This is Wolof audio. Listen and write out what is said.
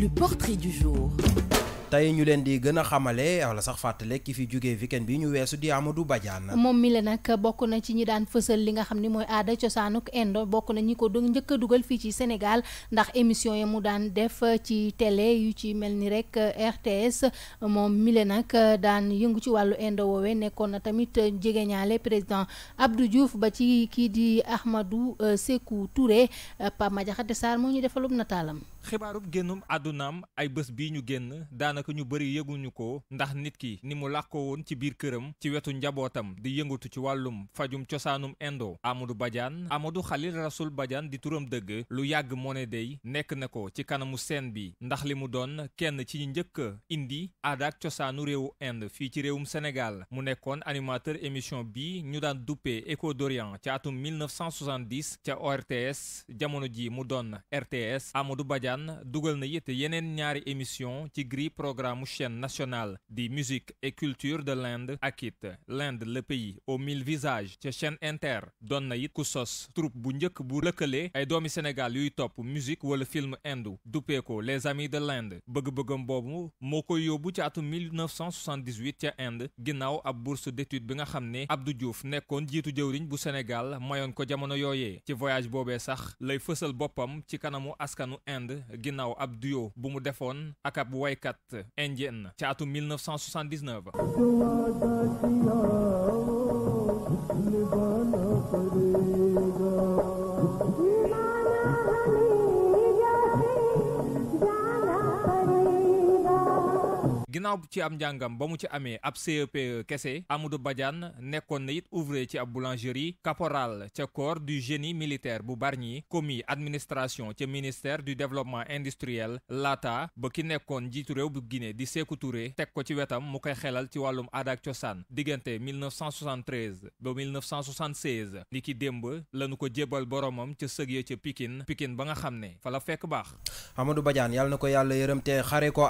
Le portrait du jour. tey ñu leen di gën a xamale wala sax fàttale ki fi jógee weekend bi ñu weesu di Amadou Badiane moom mi la nag bokk na ci ñi daan fësal li nga xam ni mooy aada cosaanuk Indo bokk na ñu ko du njëkk dugal fii ci senegal ndax émission ya mu daan def ci télé yu ci mel ni rek RTS moom mi la nag daan yëngu ci wàllu Indo woowe nekkoon na tamit jegeñaale président Abdou Diouf ba ci kii di Ahmadou euh, Sékou Touré euh, Pape Madiakhaté Sarr moo ñu defalu nataalam xibaaru génnum àddunaam ay bés bii ñu daanaka ñu bëri yëguñu ko ndax nit ki ni mu làkkoo woon ci biir këram ci wetu njabootam di yëngatu ci wàllum fajum cosaanum indo amadu Badiane amadu Khalil Rasoul Badiane di turam dëgg lu yàgg moo ne dey nekk na ko ci kanamu seen bi ndax li mu doon kenn ci njëkk indi aada cosaanu réewu Inde fii ci réewum Sénégal mu nekkoon animateur émission bi ñu daan duppee Écho d'Orient ca atum 1970 ca ORTS jamono ji mu doon RTS amadu Badiane dugal na it yeneen ñaari émission ci Gris programme chaîne nationale de musique et culture de l'Inde Akite l'Inde le pays aux mille visages chaîne inter doon na troupe bu et domi Sénégal yuy top musique le film endu d'upeko les amis de l'Inde bëgg-bëggam bobu moko koy ci 1978 ca Inde ginao ab bourse d'études bi nga Abdou Diouf bu Sénégal mayon ko jamono yoyé ci voyage bobé sax lay fësal Bopam. ci kanamu askanu Inde ginao ab duo bu mu West, Indian, atum 1979. ginnaaw ci am njàngam ba mu ci amee ab CEP kese Amadou Badiane nekkoon na it ci ab boulangerie caporal ca corps du génie militaire bu commis administration ca ministère du développement industriel l'ata, ba ki nekkoon jiitu réew bu Guinée di Sékou Touré teg ko ci wetam mu koy xelal ci wàllum adak cosaan 1973 ba 1976 ni ki démb lañu ko jébal boromam ca sëg ya ca Pikine Pikine ba nga xam ne fa la fekk Amadou Badiane yàlla na ko yàlla yërëm ko